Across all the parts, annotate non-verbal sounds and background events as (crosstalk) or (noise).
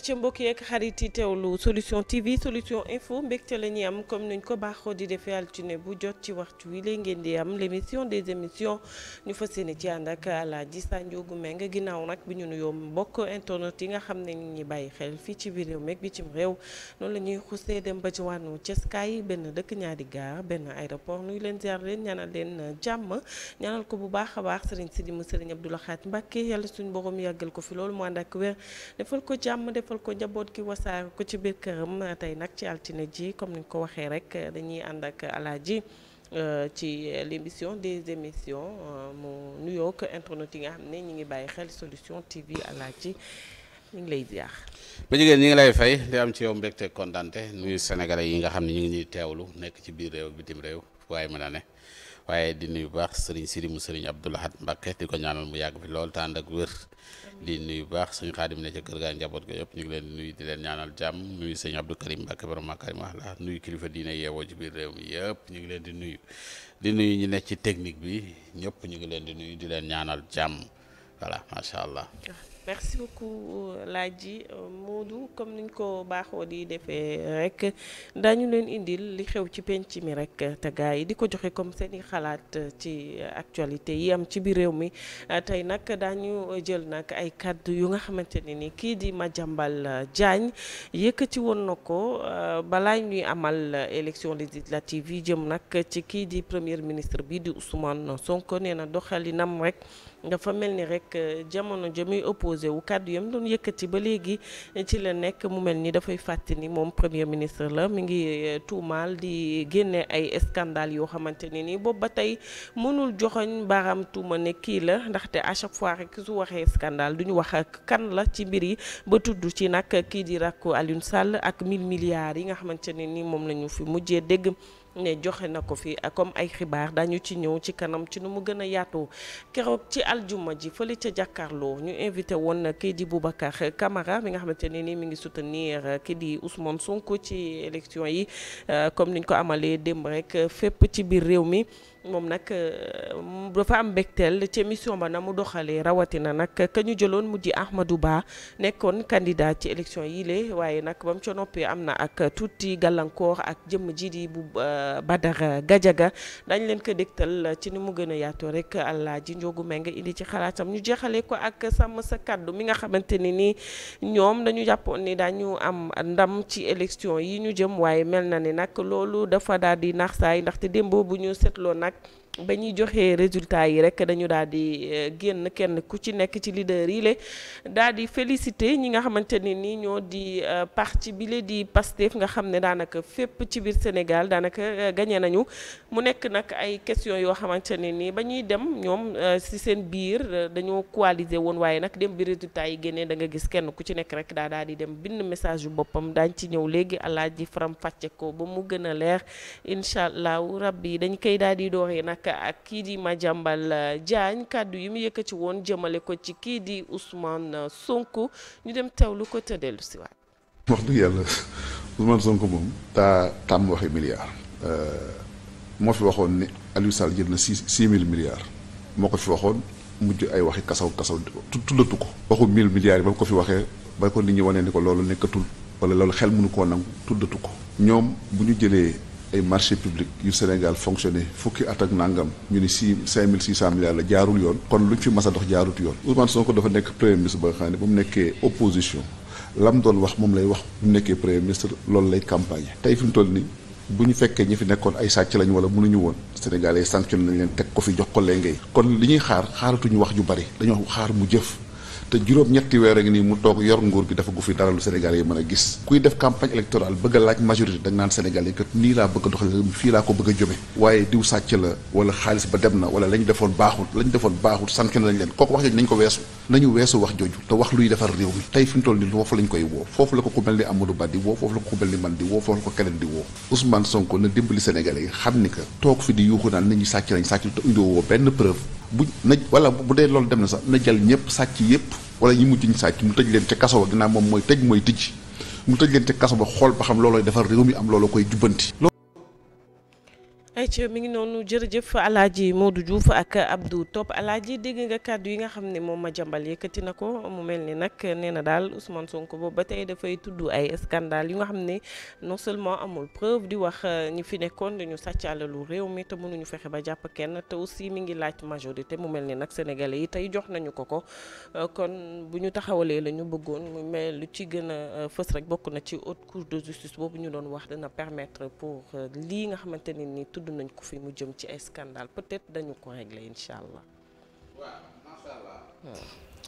ay ca mbokk yeeg xarit yi teewlu solution TV solution info mbégte la ñuy am comme nañ ko baaxoo di defee altine bu jot ci waxtu wi lay ngeen di am l' émission des émissions ñu fas yéene ci ànd ak Alaaji Sanjoogu Meng ginnaaw nag bi ñu nuyoo mbokk internet yi nga xam ne ñu ngi bàyyi xel fii ci biir réew meeg bitim réew noonu la ñuy xusee dem ba ci wànnu ceskaay benn dëkk ñaari gaar benn aéroport nuyu leen ziar leen ñaanal leen jàmm ñaanal ko bu baax a baax sëriñ Sidi mu sëriñ Abdou Lahad Mbacké yàlla suñu borom yàggal ko fi loolu mu jëfal ko njaboot gi wasaare ko ci biir këram uh, tey nag ci altine ji comme ni ñu ko waxee rek uh, dañuy ànd ak alaaji uh, ci l'émission des émissions mu nuyoo ak internautes yi nga xam ne ñu ngi bàyyi xel solution TV alaaji ñu ngi lay ziar. ba jigéen ñi ngi lay fay am ci yow mbégte kontante nuyu sénégalais yi nga xam ne ñu ngi ñuy teewlu nekk ci biir réew bitim réew waaye mën a ne. waaye di nuyu bu baax sëriñ Sidi mu sëriñ Abdoul Ahad Mbacké di ko ñaanal mu yàgg fi lool te ànd ak wér di nuyu baax sëñ xaadim ne ca kër gaa njaboot ga yëpp ñu ngi leen nuyu di leen ñaanal jàmm nuyu sëñ Abdou Karim Mbacke ma Makarim wax la nuyu kilifa diine yeewoo ci biir réew mi yëpp ñu ngi leen di nuyu di nuyu ñu nekk ci technique bi ñëpp ñu ngi leen di nuyu di leen ñaanal jàmm voilà macha allah. merci beaucoup euh, Laaji euh, Moodu comme niñ ko baaxoo di defee rek dañu leen indil li xew ci penc mi rek te yi di ko joxe comme seen i xalaat euh, ci actualité yi am ci biir réew mi tey nag daañu jël nag ay kàddu yu nga xamante ne ni kii di ma jàmbal Diagne yëkkati woon na ko balaa ñuy amal élection législative yi jëm nag ci kii di premier ministre bi di Ousmane sonk nee na doxalinam rek. dafa mel ni rek euh, jamono ja muy opposé wu kàddu yam doon yëkkati ba léegi ci la nekk mu mel ni dafay fàtte ni moom premier ministre la mi ngi euh, tuumaal di génne ay scandale yoo xamante ne ni boobu ba tey mënul joxoñ baaraam tuuma ne kii la ndaxte à chaque fois rek su waxee scandale duñu wax ak kan la ci mbir yi ba tudd ci nag kii di rakku Alioune Sall ak 1000 milliards yi nga xamante ne nii moom la ñu fi mujjee dégg. ne joxe na ko fi comme ay xibaar dañu ci ñëw ci kanam ci nu mu gën a yaatoo keroog ci aljuma ji fële ca jàkkaarloo ñu invité woon na kii di Boubacar Camara mi nga xamante ne nii mi ngi soutenir kii di Ousmane Sonko ci élection yi euh, comme niñ ko amalee démb rek fépp ci biir réew mi. moom nag euh, dafa am mbégteel ci émission ba na mu doxalee rawatina nag ka ñu jëloon mu ji Ahmadou Ba nekkoon candidat ci élection yi waaye nag ba ca noppee am na ak tuuti gàllankoor ak jëmm ji di bu euh, Badara Gajaga dañ leen ko dégtal ci ni mu gën a yaatoo rek àllaa ji njogu nga indi ci xalaatam ñu jeexalee ko ak sàmm sa kàddu mi nga xamante ni nii ñoom dañu jàppoon ni dañu am ndam ci élection yi ñu jëm waaye mel na ni nag loolu dafa daal di naax saay ndaxte démb bu ñu seetloo nag nag ba ñuy joxee résultat yi rek dañu daal di euh, génn kenn ku ci nekk ci leader yi la daal di félicité ñi nga xamante ne ni ñoo di euh, parti bi la di Pastef nga xam ne daanaka fépp ci biir Sénégal daanaka euh, gagné nañu mu nekk nag ay question yoo xamante ne ni ba ñuy dem ñoom si seen biir dañoo coaliser woon waaye nag dem bi résultat yi génnee da nga gis kenn ku ci nekk rek daa daal di dem bind message yu boppam daañ ci ñëw léegi àlaaj ji faram fàcce ko ba mu gën a leer incha allahu dañ koy daal dooree nag ak kii di Madiambal euh, Diagne kàddu yi mu ci woon jëmale ko ci kii di Ousmane euh, Sonko ñu dem teewlu ko te dellu si wax dëgg yàlla Ousmane Sonko moom. taa tàmm waxi milliards. Euh, moo fi waxoon ne Aliou Sall jël na six six mille milliards moo ko fi waxoon mujj ay waxi kasaw kasaw tuddatu ko. waxu mille milliards yi ba ko fi waxee ba ko nit ñi wanee ni ko loolu nekkatul wala loolu xel mënu koo nangu tuddatu ko. ñoom bu ñu jëlee. ay marché public yu Sénégal fonctionné fukki at ak nangam ñu ni six cinq mille six cent milliards la jaarul yoon kon lu ñu fi mas a dox jaarut yoon Ousmane Sonko dafa nekk premier ministre ba nga xam ne ba mu nekkee opposition lam doon wax moom lay wax bu mu nekkee premier ministre loolu lay campagne tey fi mu toll nii bu ñu fekkee ñi fi nekkoon ay sàcc lañu wala mënuñu woon Sénégalais sanction nañ leen teg ko fi jox ko lay ngay kon li ñuy xaar xaaratuñu wax ju bari dañoo xaar mu jëf te juróom-ñetti weer ak ngi nii mu toog yor nguur gi dafa gu fi dara lu Sénégal yi mën a gis kuy def campagne électorale bëgg a laaj majorité da naan Sénégal yi kat nii laa bëgg a doxal fii laa ko bëgg a jëme waaye diw sàcc la wala xaalis ba dem na wala lañ defoon baaxul lañ defoon baaxul sànq nañ leen kooku wax ji nañ ko weesu nañu weesu wax jooju te wax luy defar réew mi tey fi mu toll nii foofu lañ koy woo foofu la ko ku ni Amadou di woo foofu la ko ku mel ni ko keneen di woo Ousmane Sonko na dimbali Sénégalais ni que toog fi di yuuxu naan nañu sàcc nañ sàcc bu na loolu dem na sax na jël ñëpp sàcc yëpp wala ñi mujj ñu sàcc mu tëj leen ca kaso ba ginnaaw moom mooy tëj mooy tijj mu tëj leen ca kaso ba xool ba xam loolooy defar réew mi am looloo koy jubbanti ci mi ngi noonu jërëjëf Alaaji Modou Diouf ak topp Top Alaaji dégg nga kàddu yi nga xam ne moom ma jàmbal yëkkati na ko mu mel ni nag nee na daal Ousmane Sonko boobu ba tey dafay tudd ay scandale yu nga xam ne non seulement amul preuve di wax euh, ñi fi nekkoon dañu sàcc alalu réew mi te mënuñu fexe ba jàpp kenn te aussi mi ngi laaj majorité mu mel ni nag sénégalais yi tey jox nañu ko ko euh, kon bu ñu taxawalee la ñu bëggoon mu mel lu ci gën a euh, fës rek bokk na ci haute cour de justice boobu ñu doon wax dana permettre pour lii nga xamante ne ni tudd nañ ko fi mu jëm ci ay scandale peut-être dañu ko régler incha allah.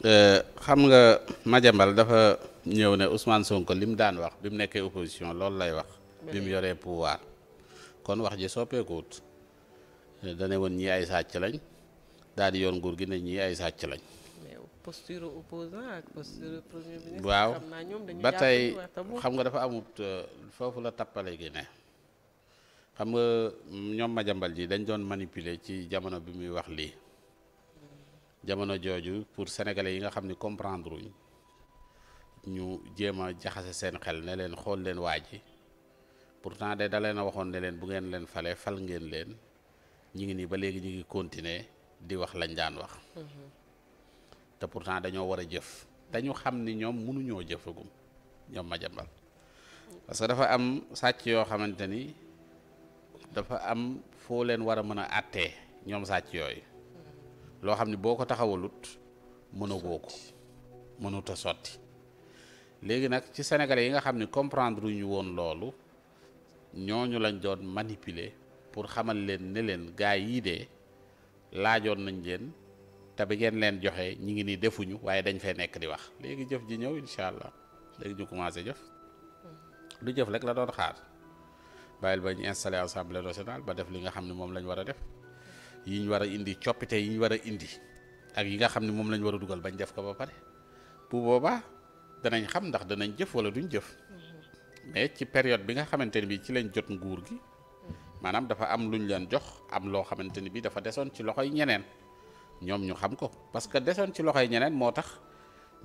Euh, xam nga Madiambal dafa ñëw ne usman Sonko li mu daan wax bi mu nekkee opposition loolu lay wax. bi mu pouvoir kon wax ji soppeekuwut dane woon ñii ay sàcc lañ daal di yoon nguur gi ne ñii ay sàcc lañ. posture opposant ak posture premier ministre. waaw ba tey xam nga dafa amut euh, foofu la tappale gi ne. xam nga mm, ñoom majambal ji dañ doon manipuler ci jamono bi muy wax lii jamono jooju pour sénégalais yi nga xam ni comprendre uñ ñu jéem a jaxase seen xel ne leen xool leen waa ji pourtant de da leen a waxoon ne leen bu ngeen leen fale fal ngeen leen ñi ngi nii ba léegi ñu ngi continuer di wax lañ daan wax mm-hmm. te pourtant dañoo war a jëf dañu xam ni ñoom mënuñoo jëfagum ñoom majambal parce dafa am sàcc yoo xamante ni dafa am foo leen war a mën a àttee ñoom sàcc yooyu loo xam ne boo ko taxawalut mënu goo ko mënut sotti léegi nag ci sénégalais yi nga xam ne comprendre ñu woon loolu ñooñu lañ doon manipuler pour xamal leen ne leen gaa yii de laajoon nañ leen te bi ngeen leen joxe ñi ngi nii defuñu waaye dañ fee nekk di wax léegi jëf ji ñëw incha allah léegi ñu commencé jëf lu jëf rek la doon xaar. bàyyil ba ñu installé assemblée nationale ba def li nga xam ne moom la ñu war a def yi ñu war a indi coppite yi ñu war a indi ak yi nga xam ne moom la ñu war a dugal bañ def ko ba pare bu boobaa danañ xam ndax danañ jëf wala duñ jëf mais ci période bi nga xamante ne bii ci lañ jot nguur gi maanaam dafa am luñ leen jox am loo xamante ni bii dafa desoon ci loxoy ñeneen ñoom ñu xam ko parce que desoon ci loxoy ñeneen moo tax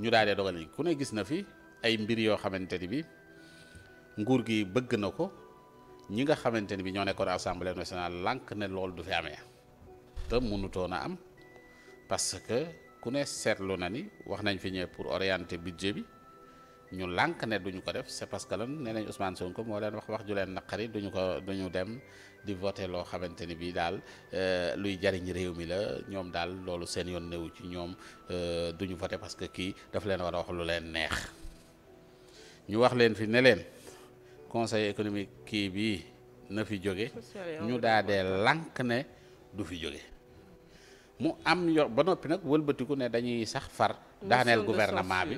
ñu daal di dogal yi ku ne gis na fi ay mbir yoo xamante ni bii nguur gi bëgg na ko. ñi nga xamante ni bi ñoo nekkoon assemblée nationale lànk ne loolu du fi amee te mënutoon a am parce que ku ne seetlu na ni wax nañ fi ñëwee pour orienter budget bi ñu lànk ne duñu ko def c'est parce que lan nee nañ Ousmane Sonko moo leen wax wax ju leen naqari duñu ko duñu dem di voté loo xamante ni bii daal euh, luy jariñ réew mi la ñoom daal loolu seen yoon néew ci ñoom euh, duñu voté parce que kii dafa leen war a wax lu leen neex ñu wax leen fi ne leen. conseil économique kii bii na fi jóge ñu daa daadee lank ne du fi jóge mu am yor ba noppi nag wëlbatiku ne dañuy sax far daaneel gouvernement bi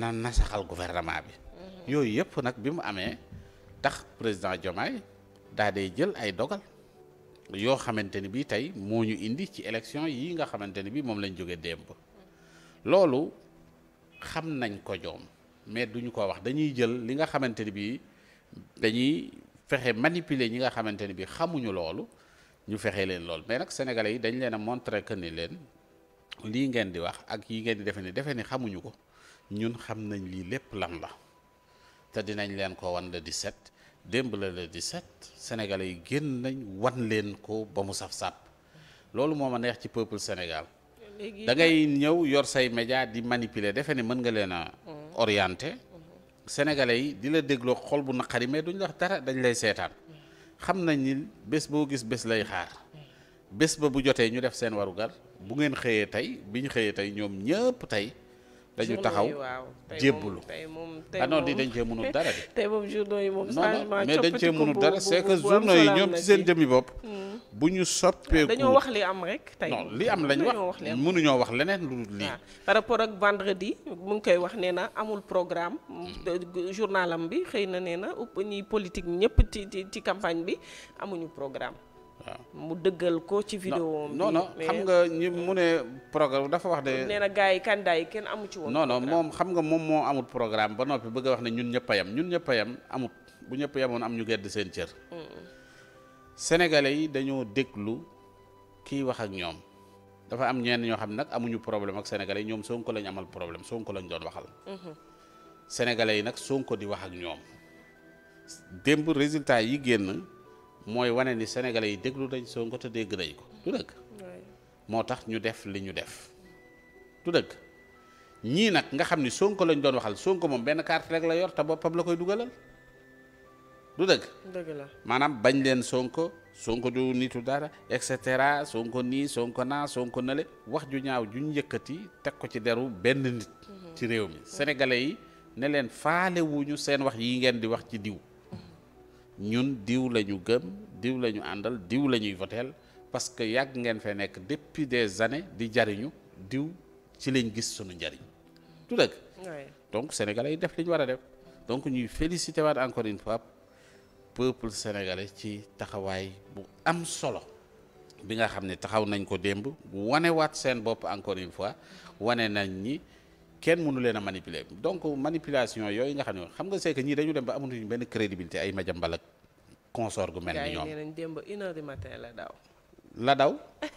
na nasaxal gouvernement bi mhm. yooyu yëpp nag bi mu amee tax président Diomaye daa day jël ay dogal yoo xamante ni bii tey moo ñu indi ci élection yi nga xamante ni bii moom lañ jóge démb loolu xam nañ ko joom mais duñu ko wax dañuy jël li nga xamante bii dañuy fexe manipuler ñi nga xamante ne bi xamuñu loolu ñu fexe leen lool mais nag sénégalais yi dañ leen a montré que ni leen lii ngeen di wax ak yi ngeen di defe ni defe ni xamuñu ko ñun xam nañ lii lépp lan la te dinañ leen ko wan di set démb la di set sénégalais yi génn nañ wan leen ko ba mu saf sàpp loolu moo ma neex ci peuple Sénégal da ñëw yor say média di manipuler defe ni mën nga leen a mm. orienté sénégalais yi di la dégloo xol bu naqari mais duñ la wax dara dañ lay seetaan xam nañ ni bés boo gis bés lay xaar bés ba bu jotee ñu def seen warugar bu ngeen xëyee tey bi ñu xëyee tey ñoom ñëpp tey dañu taxaw jébbalu ah non di dañ cee mënul dara de. (laughs) tey moom journaux yi moom changement mais dañ cee mënul dara c'est que journaux yi ñoom ci seen jëmmi bopp. Hmm. bu ñu soppeeku dañoo wax li am rek. tey non li am lañ wax mënuñoo wax leneen lu dul lii. par rapport ak vendredi mu ngi koy wax nee na amul programme. Hmm. Euh, journalam bi xëy na nee na ñi politique ñëpp ci ci ci campagne bi amuñu programme. mu dëggal ko ci vidéo bi non non xam nga mu ne dafa wax ne. nee na yi candidat yi kenn amu ci woon. moom xam nga moom moo amul programme ba noppi bëgg a wax ne ñun ñëpp a ñun ñëpp a yem amut bu ñëpp yemoon am ñu gedd seen cër. Mm. sénégalais yi dañoo déglu kiy wax ak ñoom dafa am ñeen ñoo xam ne nag amuñu problème ak sénégalais yi ñoom Sonko lañ amal problème Sonko lañ doon waxal. Mm-hmm. sénégalais yi nag Sonko di wax ak ñoom démb résultat yi génn. mooy wane ni senegale yi déglu dañ Sonko te dégg dañ ko du dëgg moo tax ñu def li ñu def du dëgg ñii nag nga xam ni Sonko lañ doon waxal Sonko moom benn carte rek la yor te boppam la koy dugalal du dëgg dëgg la maanaam bañ leen Sonko Sonko du nitu dara et cetera Sonko nii Sonko naa Sonko nale wax ju ñaaw ju ñu yëkkati teg ko ci deru benn nit mhm. ci réew mi sénégalais yi ne leen faale seen wax yi ngeen di wax ci diw ñun diw la ñu gëm diw la ñu àndal diw la ñuy voteel parce que yàgg ngeen fee nekk depuis des années di jariñu diw ci lañ gis sunu njariñ du dëgg donc sénégalais yi def li war a def donc ñuy félicité waat encore une fois peuple sénégalais ci taxawaay bu am solo bi nga xam ne taxaw nañ ko démb wane waat seen bopp encore une fois wane nañ ñi kenn mënu leen a manipuler donc manipulation yooyu nga xam ne xam nga c'est que ñii dañu dem ba amatuñu benn crédibilité ay Madiambal Mbalak consort gu mel ni ñoom la daw. la daw. (laughs)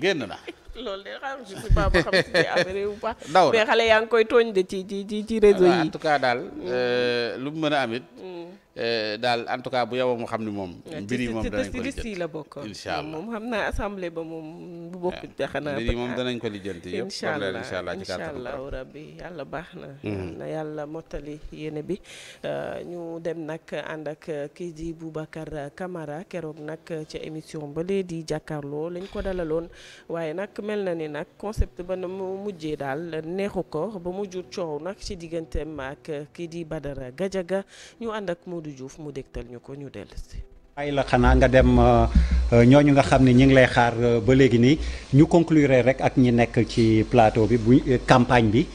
génn na. (laughs) loolu de xam je sais pas ba (laughs) xale yaa ngi koy tooñ de ci ci ci ci réseau ah, yi. en tout cas daal mm. euh, lu mu mën a am mm. euh, daal en tout cas bu yow xam ni moom. mbir moom danañ ko jël la bokk. incha allah moom xam naa assemblée ba moom. bu bokkul ca eh, xanaa. lii moom danañ ko lijjanti yëpp. incha allah incha allah incha allah rabbi yàlla baax na. Mm-hmm. na yàlla mottali yéene bi. Euh, ñu dem nag ànd ak kii di Boubacar kamara keroog nag ca émission ba lee di jàkkaarloo lañ ko dalaloon waaye nag mel na ni nag concept ba na mu mujjee daal neexu ko ba mu jur coow nag ci digganteem ak kii di Badara Gajaga ñu ànd ak Modou Diouf mu dégtal ñu ko ñu dellusi. ay la xanaa nga dem euh, euh, ñooñu nga xam ne ñu ngi lay xaar euh, ba léegi nii ñu conclure rek ak ñi nekk ci plateau bi bu campagne bi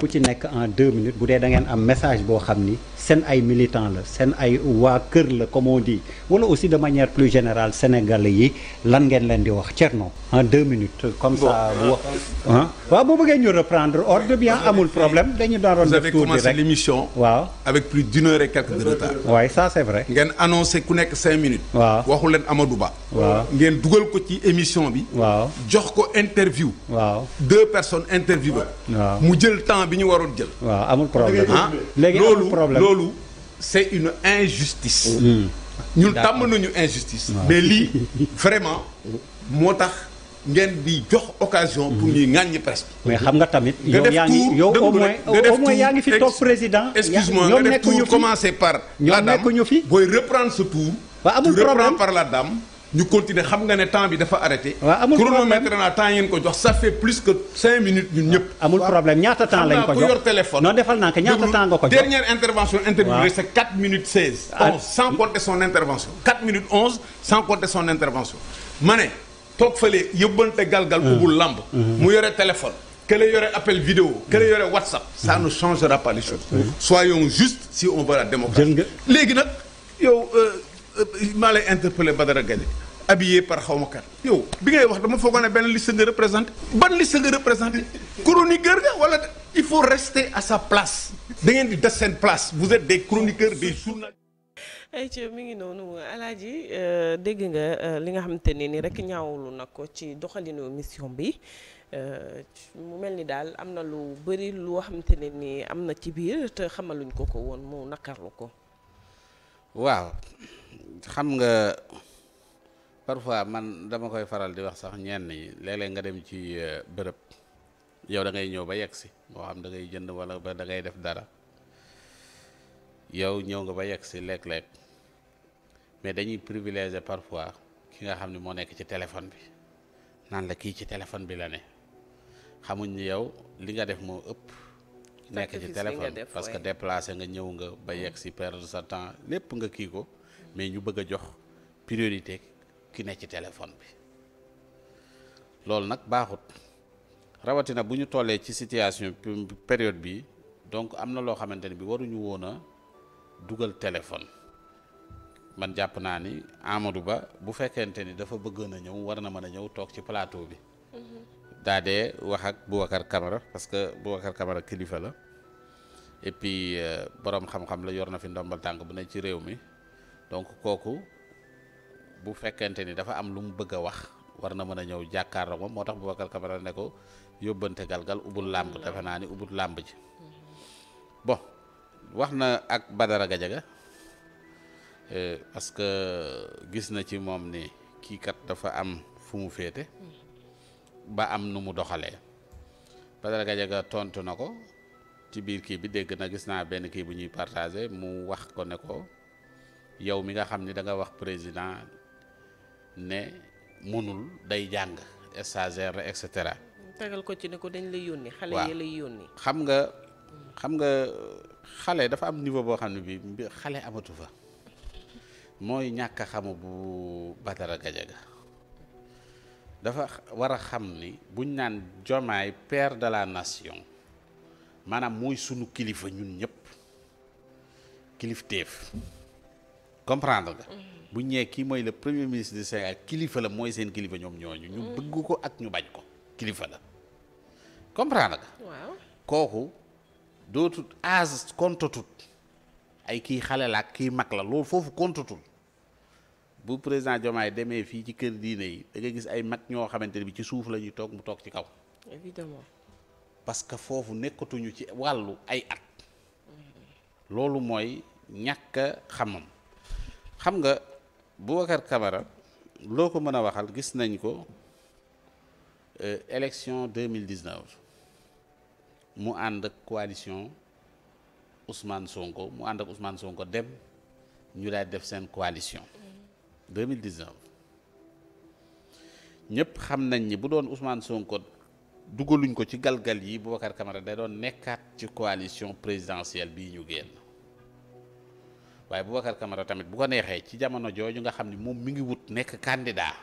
ku ci nekk en deux minutes bu dee da ngeen am message boo xam ni seen ay militants la seen ay waa kër la comme di wala aussi de manière plus générale sénégalais yi lan ngeen leen di wax Thierno en deux minutes comme ça bu wax waaw boo bëggee ñu reprendre ordre bien ah, amul problème dañu doon doon def tuuti rek vous avez commencé l'émission waaw avec plus d'une heure et quelques waaye ça c'est vrai. ngeen annoncé ku nekk cinq minutes. waaw waxu leen Amadou Ba. waaw ngeen dugal ko ci émission bi. waaw jox ko interview. waaw deux personnes interview mu jël temps bi ñu waroon jël. waaw amul problème ah léegi amul problème loolu loolu c'est une injustice. Hmm. ñun tàmm nañu injustice. mais lii vraiment moo tax. ngeen di jox occasion. pour mhm. ñuy ŋàññi presse mais xam nga tamit. yow yaa ngi yow au yaa ngi fi toog président. excuse-moi nga ñoom nekkuñu fi. booy reprendre ce tour. waaw amul problème xam nga ne temps bi dafa arrêté. waaw amul problème chronomètre naa temps yéen ko jox ça fait plus que cinq minutes ñun ñëpp. amul problème ñaata temps lañ ko jox xam naa yor téléphone. non defal naa ko ñaata temps nga ko jox dernière intervention. interviewée c'est quatre minutes seize. Ah. onze sans compter son intervention. quatre minutes onze sans compter son intervention ma ne. toog fële yóbbante galgal kubul làmb mm-hmm. mu yore téléphone kële yore appel vidéo kële mm-hmm. yore whatsapp ça mm-hmm. ne changera pas les choses soyons justes si on veut la démocratie léegi nag yow euh, euh, maa lay ba Badara Gaye habillé par xaw ma kat yow bi ngay wax dama foogoon ne benn liste nga représenté ban li nga représenté chroniqueur nga wala il faut rester à sa place da ngeen di des seen place vous êtes des chroniqueurs des journalistes ay ci mi ngi noonu alaaji euh, dégg nga euh, li nga xamante ne ni rek ñaawlu nag ko ci doxalinu mission bi euh, mu mel ni daal am na lu bari loo xamante ne ni am na ci biir te xamaluñ ko ko woon mu nakarlu ko waaw xam nga parfois man dama koy faral di wax sax ñenn ñi léeg-léeg nga dem ci bërëb yow da ñëw ba yegg si moo xam da ngay jënd wala ba da def dara yow ñëw nga ba yegg si léeg-léeg mais dañuy privilégier parfois ki nga xam ne moo nekk ci téléphone bi naan la kii ci téléphone bi la ne xamuñ ni yow li nga def moo ëpp nekk ci téléphone parce que déplacé nga ñëw nga ba yegg si perdre sa temps lépp nga kii ko mais ñu bëgg a jox priorité ki nekk ci téléphone bi loolu nag baaxut rawatina bu ñu tollee ci situation période bi donc am na loo xamante ne bi waruñu woon a dugal téléphone man jàpp naa ni Amadou Ba bu fekkente ni dafa bëggoon a ñëw war na mën a ñëw toog ci palaato bi. Mm-hmm. daa wax ak Boubacar Camara parce que Boubacar Camara kilifa la et puis euh, borom xam-xam la yor na fi ndombal tànk bu ne ci réew mi donc kooku bu fekkente ni dafa am lu mu bëgg a wax war na mën a ñëw jàkkaarloo moom moo tax Boubacar Camara ne ko yóbbante galgal ubbul làmb mm-hmm. defe naa ni ubbul làmb ji mm-hmm. bon. wax na ak Badara Gadiaga euh, parce que gis na ci moom ni kii kat dafa am fu mu féete ba am nu mu doxalee Badara gajaga tontu na ko ci biir kii bi dégg na gis naa benn kii bu ñuy partagé mu wax ko ne ko yow mi nga xam ni da nga wax président ne mënul day jàng stagiaire et cetera. ko ci ne ko dañ lay yónni. xale yi lay yónni. xam nga. xam nga xale dafa am niveau boo xam ne bi xale amatu fa mooy ñàkk xamu bu Badara Gajaga dafa war a xam ni buñ naan jomaay père de la nation maanaam mooy sunu kilifa ñun ñëpp kilifteef comprendre nga mm-hmm. bu ñee kii mooy le premier ministre du Sénégal kilifa la mooy seen kilifa ñoom ñooñu ñu mm-hmm. bëgg ko ak ñu bañ ko kilifa la comprendre nga kooku dootut âge kontatut ay kii xale la ak kii mag la loolu foofu kontatul bu président Diomaye demee fii ci kër diine yi da nga gis ay mag ñoo xamante ne bi ci suuf la ñuy toog mu toog ci kaw. évidemment. parce que foofu nekkatuñu ci wàllu ay at. loolu mooy ñàkk xamam xam nga Boubacar Camara loo ko mën a waxal gis nañ ko euh, élection 2019 mu ànd ak coalition Ousmane Sonko mu ànd ak Ousmane Sonko dem ñu daal def seen coalition. 2019 ñëpp xam nañ ni bu doon Ousmane Sonko dugaluñ ko ci galgal yi Boubacar Camara day doon nekkaat ci coalition présidentielle bii ñu génn waaye Boubacar Camara tamit bu ko neexee ci jamono jooju nga xam ni moom mi ngi wut nekk candidat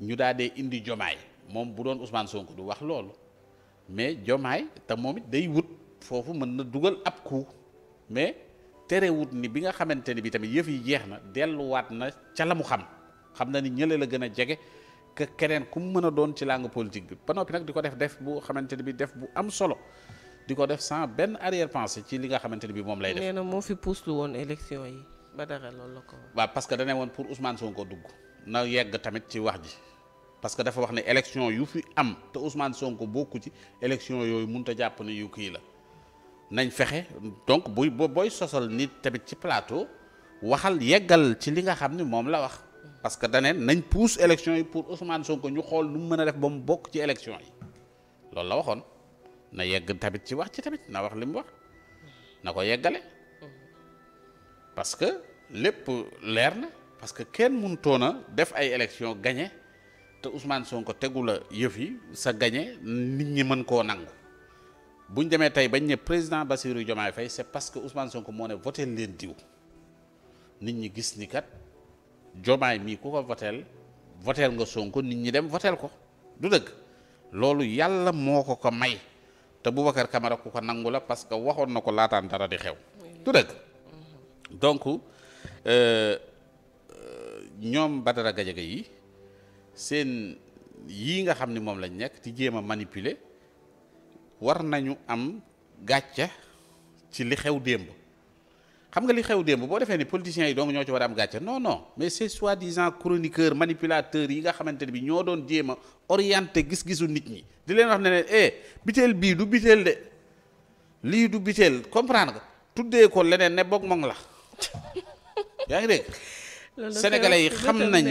ñu daal dee indi jomaay moom bu doon Ousmane Sonko du wax loolu. mais Diomaye te moom it day wut foofu mën na dugal ab coup mais tere wut ni bi nga xamante ni bi tamit yëf yi jeex na delluwaat na ca la mu xam xam na ni ñële la gën a jege que keneen ku mu mën a doon ci langue politique bi ba noppi nag di ko def def bu xamante ni bi def bu am solo di ko def sans benn arrière pensée ci li nga xamante ni bi moom lay def. nee na moo fi pousse lu woon élection yi ba dara loolu la ko. waaw parce que da ne woon pour Ousmane Sonko dugg na yegg tamit ci wax ji. parce que dafa wax ne élection yu fi am te Ousmane Sonko bokku ci élection yooyu mënut a jàpp ne yu kii la nañ fexe donc buy booy sosal nit tamit ci plateau waxal yeggal ci li nga xam ne moom la wax parce que daneen nañ pousse élection yi pour Ousmane Sonko ñu xool nu mu mën a def ba mu bokk ci élection yi loolu la waxoon na yegg tamit ci wax ci tamit na wax li mu wax na ko yeggale parce que lépp leer na parce que kenn mënutoon a def ay élection gagné te Ousmane Sonko tegula yëfi sa gañe nit ñi mën koo nangu buñ demee tey bañ ne président Bassirou Diomaye Faye c'est parce que Ousmane Sonko moo ne voteel leen diw nit ñi gis ni kat jomaay mii ku ko voteel voteel nga sonk nit ñi dem voteel ko du dëkk loolu yàlla moo ko ko may te Boubacar Camara ku ko nangu la parce que waxoon na ko laataan dara di xew du dëgg donc euh, euh, ñoom Badara Gadiaga yi seen yii nga xam ni moom lañ nekk di jéem a manipuler war nañu am gàcce ci li xew démb xam nga li xew démb boo defee ni politiciens yi dong ñoo ci war a am gàcce non non mais ces soi-disant chroniqueurs manipulateurs yi nga xamante ne bi ñoo doon jéema a orienté gis-gisu nit ñi di leen wax ne leen eh biteel bii du biteel de lii du biteel comprendre nga tuddee ko leneen ne boog moom la (laughs) yaa ngi dégg sénégalais yi xam nañ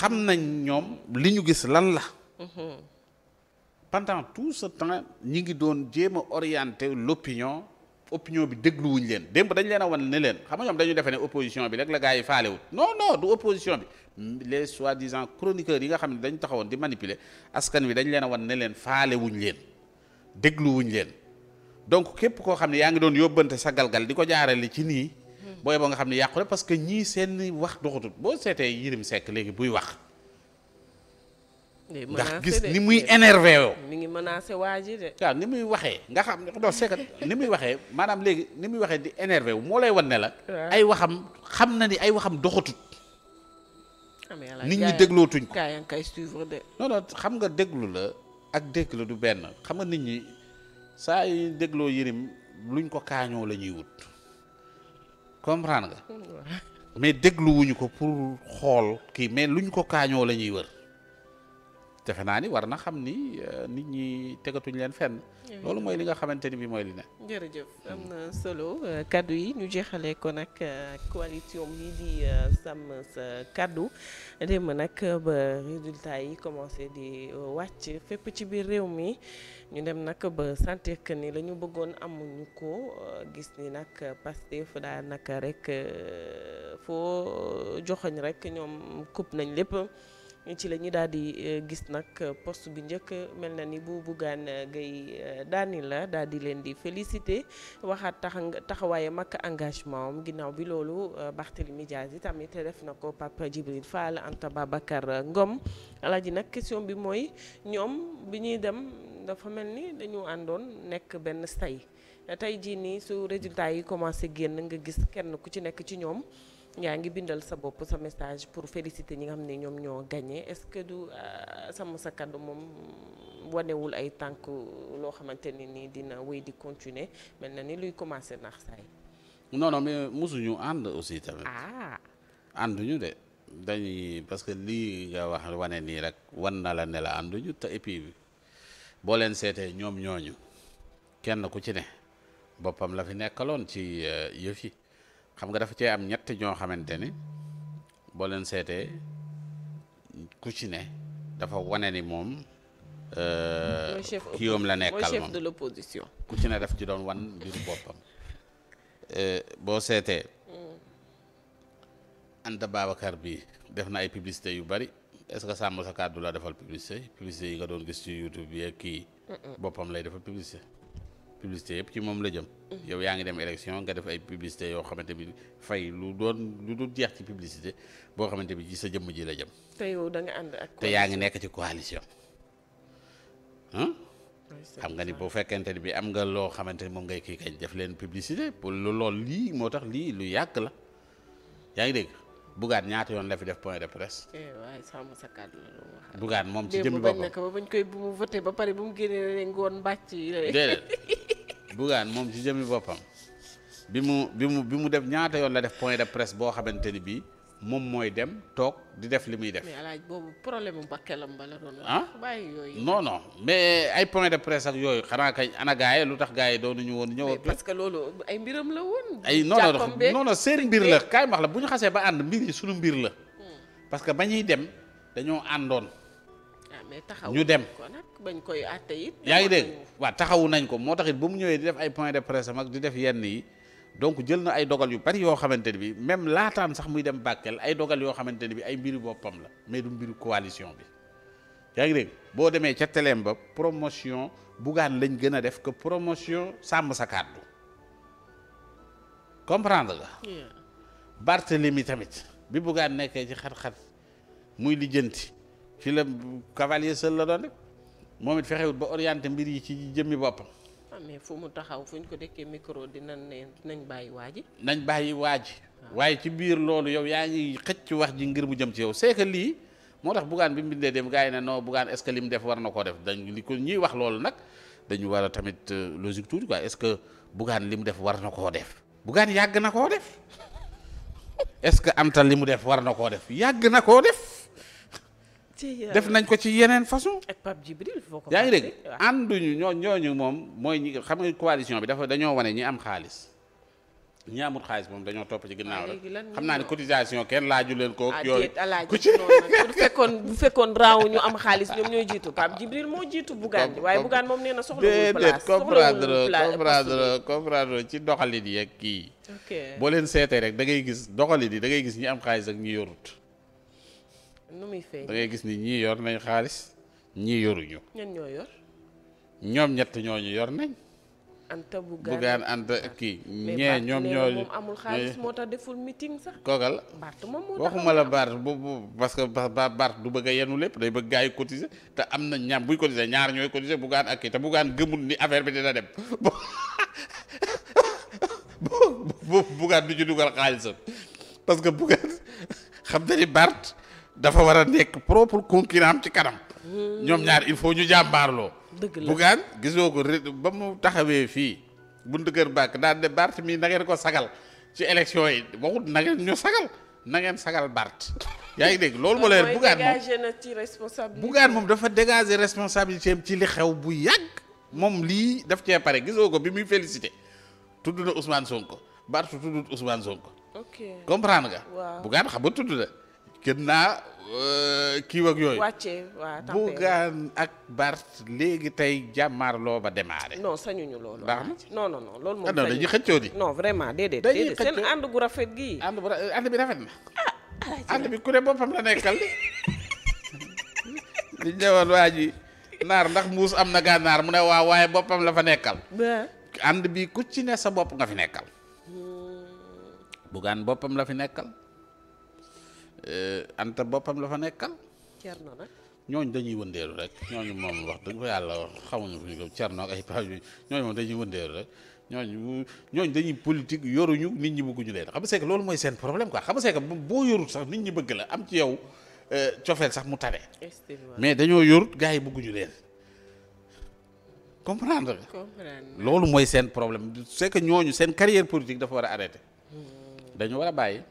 xam nañ ñoom li ñu gis lan la mhm. pendant tout ce temps ñi ngi doon jéem a orienté l'opinion opinion bi dégluwuñ leen démb dañ leen a wan ne leen xam nga ñoom dañu defe ne opposition bi rek la gars yi faalewut non non du opposition bi les soi-disant chroniqueurs yi nga xam ne dañ taxawoon di manipuler askan wi dañ leen a wan ne leen faalewuñ leen dégluwuñ leen donc képp koo xam ne yaa ngi doon yóbbante sa galgal di ko jaarale ci nii booy boo nga xam ne yàqu na parce que ñii seen wax doxatut boo seetee Yirim sekk léegi buy wax. ndax gis ni muy énervé mi ngi menacé waa ji de. waaw ni muy waxee nga xam ne non ni muy waxee maanaam léegi ni muy waxee di énervé wu moo lay wan ne la. ay waxam xam na ni ay waxam doxatut. Ah, nit ñi déglootuñ ko gaa yaa xam nga déglu la ak dégg la du benn xam nga nit ñi saa yu dégloo Yirim luñ ko kaañoo la ñuy wut. comprendre nga. mais dégluwuñu ko pour xool kii mais luñ ko kaañoo la ñuy wër. defe naa ni war na xam ni euh, nit ñi tegatuñ leen fenn loolu mooy li nga xamante ni bi mooy li ne jërëjëf am na solo euh, kaddu yi ñu jeexale ko nag euh, coalition bi di sàmm sa kaddu démb nag ba résultat yi commencé di wàcc fépp ci biir réew mi ñu dem nag ba sentir que ni lañu bëggoon amuñu ko euh, gis ni nag Pastef daa naka rek euh, foo joxoñ rek ñoom coupe nañ lépp ci la ñu daal di euh, gis nag post bi njëkk mel na ni bu buggaan gay daani la daal di leen di félicité waxaat tax taxawaaye mag engagement am ginnaaw bi loolu Barthélemy Diaz yi tamit def na ko Pape Djibril Fall Anta Babacar Ngom alaaji nag question bi mooy ñoom bi ñuy dem dafa mel ni dañu àndoon nekk benn say tey jii nii su résultat yi commencé génn nga gis kenn ku ci nekk ci ñoom yaa ngi bindal sa bopp sa message pour féliciter ñi nga xam ne ñoom ñoo gagné est-ce que du euh, sama sa kàddu moom wanewul ay tànk loo xamante ne nii dina wéy di continuer mel na ni luy commencé naax say non non mais ànd aussi tamit. ah ànduñu de. dañuy parce que lii nga wax wane nii rek wan la ne la ànduñu te et puis boo leen seetee ñoom ñooñu kenn ku ci ne boppam la fi nekkaloon ci eh, yëf yi xam nga dafa cee am ñett ñoo xamante ne boo leen seetee ku ci ne dafa wane ni moom. Eh, kiyoom la nekkal moom chef de l'opposition. ku ci ne daf ci doon wan mbiru boppam eh, boo seetee. Mm. Anta Babacar bi def na ay publicité yu bari. est-ce que sàmm sa kàddu la defal publicité publicité yi nga doon gis ci YouTube bi ak kii. boppam lay defal publicité. publicité yëpp ci moom la jëm. yow yaa ngi dem élection nga def ay publicité yoo xamante bi fay lu doon lu du jeex ci publicité boo xamante bi ci sa jëmm ji la jëm. te da nga ànd ak. te yaa ngi nekk ci coalition. xam nga ni boo fekkente ni bi am nga loo xamante ni moom ngay kii kañ def leen publicité pour lool lii moo tax lii lu yàgg la yaa ngi dégg. Bougane ñaata yoon la fi def point de presse. Eh, waaye sàmm sa kàddu la lu mu wax. Bougane moom ci jëmmi boppam ba bañ koy bu mu voté ba pare bu mu génnee ne ngoon mbàcc yi la. déedéet Bougane moom ci jëmmi boppam bi mu bi mu bi mu def ñaata yoon la def point de presse boo xamante ni bii. moom mooy dem toog di def li muy def. mais boobu problème mu bakkelam ba la doon wax. Ah? bàyyi yooyu mais ay point de presse ak yooyu xanaa kañ ana gaay lu tax gaay yi doonuñu woon ñëw. mais parce que loolu ay mbiram la woon. ay non non non non seen mbir la kaay wax la bu ñu xasee ba ànd mbir yi sunu mbir la. Hmm. parce que ba ñuy dem dañoo àndoon. Ah, mais taxawu ñu dem bañ koy àtte it. yaa ngi dégg waaw taxawu nañ ko moo tax it bu mu ñëwee di def ay point de presse am ak di def yenn yi. donc jël na ay dogal yu bari yoo xamante ne bi même laataan sax muy dem Bakel ay dogal yoo xamante ne bi ay mbiru boppam la mais du mbiru coalition bi yaa ngi dégg boo demee ca teleem ba promotion Bougane lañ gën a def ko promotion sàmm sa kàddu comprendre barte Barthélemy tamit bi Bougane nekkee ci xat-xat muy lijjanti ci la cavalier seul la doon rek moom it fexewut ba orienté mbir yi ci jëmmi boppam. Ah, mais fu mu taxaw fu ñu ko dekkee micro dinañ ne nañ bàyyi waa nañ bàyyi waa ah. waaye ci biir loolu yow yaa ngi xëcc wax ji ngir mu jëm ci yow c'est lii moo tax Bougane bi mu bindee dem gars yi ne non Bougane est-ce li mu def war na koo def dañ li wax loolu nag dañu war a tamit euh, logique tuuti quoi est-ce que Bougane li mu def war na koo def. Bougane yàgg na koo def est-ce que li mu def war na koo def yàgg na koo def. Euh, def nañ ko ci yeneen façon. ak Pape foo ko yaa ngi dégg ànduñu ñoo ñooñu moom mooy ñi xam nga coalition bi dafa dañoo wane ñi am xaalis ñi amul xaalis moom dañoo topp ci ginnaaw rek xam naa ne cotisation kenn laaju leen ko. Ah, yooyu ku ci bu fekkoon bu raaw ñu am xaalis ñoom ñooy jiitu Pape Djibril moo jiitu Bougane waaye Bougane moom nee na soxlawul place comprendre comprendre comprendre ci doxalin yi ak kii. boo leen seetee rek da ngay gis doxalin yi dangay gis ñi am xaalis ak ñi yorut nu muy gis ni ñii yor nañ xaalis ñii yoruñu. ñan ñoo ñoom ñett ñooñu yor nañ. Anta Bougane Anta kii. ñee ñoom ñoo moom amul xaalis moo tax deful meeting sax. koogal Bart moom moo la Bart bu parce que Bart du bëgg a yenu lépp day bëgg gars yi cotiser te am na ñaam buy cotiser ñaar ñooy cotiser Bougane ak kii te Bougane gëmul ni affaire bi dina dem (laughs) bo bo Bougane du ci xaalisam parce que (laughs) xam na ni Bart. dafa war a nekk propre concurrent ci kanam. Hmm. ñoom ñaar il faut ñu jàmbaarloo. dëgg la Bougane gisoo ko ba mu taxawee fii buntu kër bàkk daan de Bart mii na ngeen ko sagal ci élection yi waxut na ngeen ñu sagal na ngeen sagal Bart. (laughs) yaa ngi dégg loolu moo leen Bougane moom Bougane moom dafa dégager responsabilité ci li xew bu yàgg. moom lii def cee pare gisoo ko bi muy félicité tudd na Ousmane Sonko Bart tuddut Ousmane Sonko. ok comprendre nga. waaw xam nga tudd na. gën naa euh, kii ak yooyu. wàccee waa Bougane ak Barth léegi tey jàmmaar loo ba démarré. non sañuñu loolu. baax na non non non loolu moom. Ah, sañu dañuy xëccoo di. non vraiment déedéet. dañuy xëccoo seen ànd gu rafet gi ànd bu ànd rafet na. Ah, ah, ànd bi ku ne boppam la nekkal. liñ ne waa ji naar ndax muus am na gànnaar mu ne waa waaye boppam la fa nekkal. ànd bi ku ci ne sa bopp nga fi nekkal. Hmm. Bougane boppam la fi nekkal. Eh, Anta boppam la fa nekkal. Cerno nag. ñooñu dañuy wëndeelu rek ñooñu moom wax dëgg fa yàlla xamuñu fu ñu ko Cerno ak ay page bi ñooñu moom dañuy wëndeelu rek ñooñ ñooñu dañuy politique yoruñu nit ñi bëgguñu leen xam nga c'est loolu mooy seen problème quoi xam nga c'est que boo yorut sax nit ñi bëgg la am ci yow eh, cofeel sax mu tane. mais dañoo yorut gars yi bëgguñu leen. comprendre nga. loolu mooy seen problème c'est que ñooñu seen carrière politique dafa war a arrêter. Hmm. dañu war a bàyyi.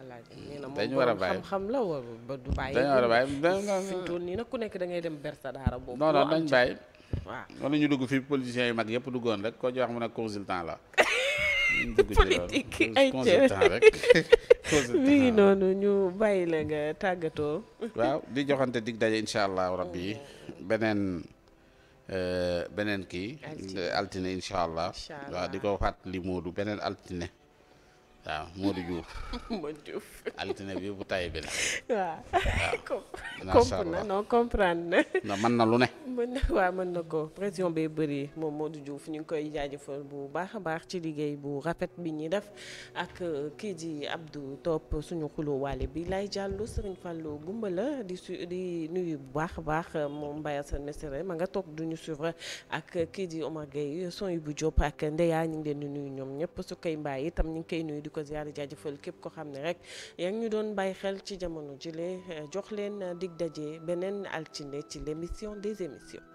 alaaji nee na moom la war ba du bàyyi dañu war a bàyyi fi mu nii nag ku nekk dangay dem bersa daara boobu non la dañ bàyyi waaw wala ñu dugg fi politiciens yu mag yëpp duggoon rek ko jox mu ne consultant la (laughs) politique ay consultant rek (laughs) mi ngi noonu ñu bàyyi la nga tàggatoo (laughs) waaw di joxante dig daje incha allah rab oh, yi beneen euh, beneen kii altine incha allah waaw di ko fàtt fàttali Moodu beneen altine moo di Diouf. (laughs) Modou Diouf. altine bi bu tay bi la. waaw. comprendre na non comprendre na. (laughs) mën na lu ne. mën na ko pression bee bëri moom moo di Diouf ñu ngi koy jaajëfal bu baax a baax ci liggéey bu rafet bi ñuy def ak euh, kii di Abdou Top suñu xulóowaale bi lay jàllu Serigne Fallou Gumba la di su di nuyu bu baax a baax euh, moom Mbaye Assane Mesere ma nga toog duñu suivre ak kii di Omar Gueye son yu bu Diop ak Ndeya ñu ngi leen di nuyu ñoom ñëpp su koy mbaay itam ñu ngi koy nuyu ko ziyaar jaajëfal képp ko xam ne rekk yaa ngi ñu doon bàyyi xel ci jamono jile eh, jox leen dig daje beneen altine ci l'émission des émissions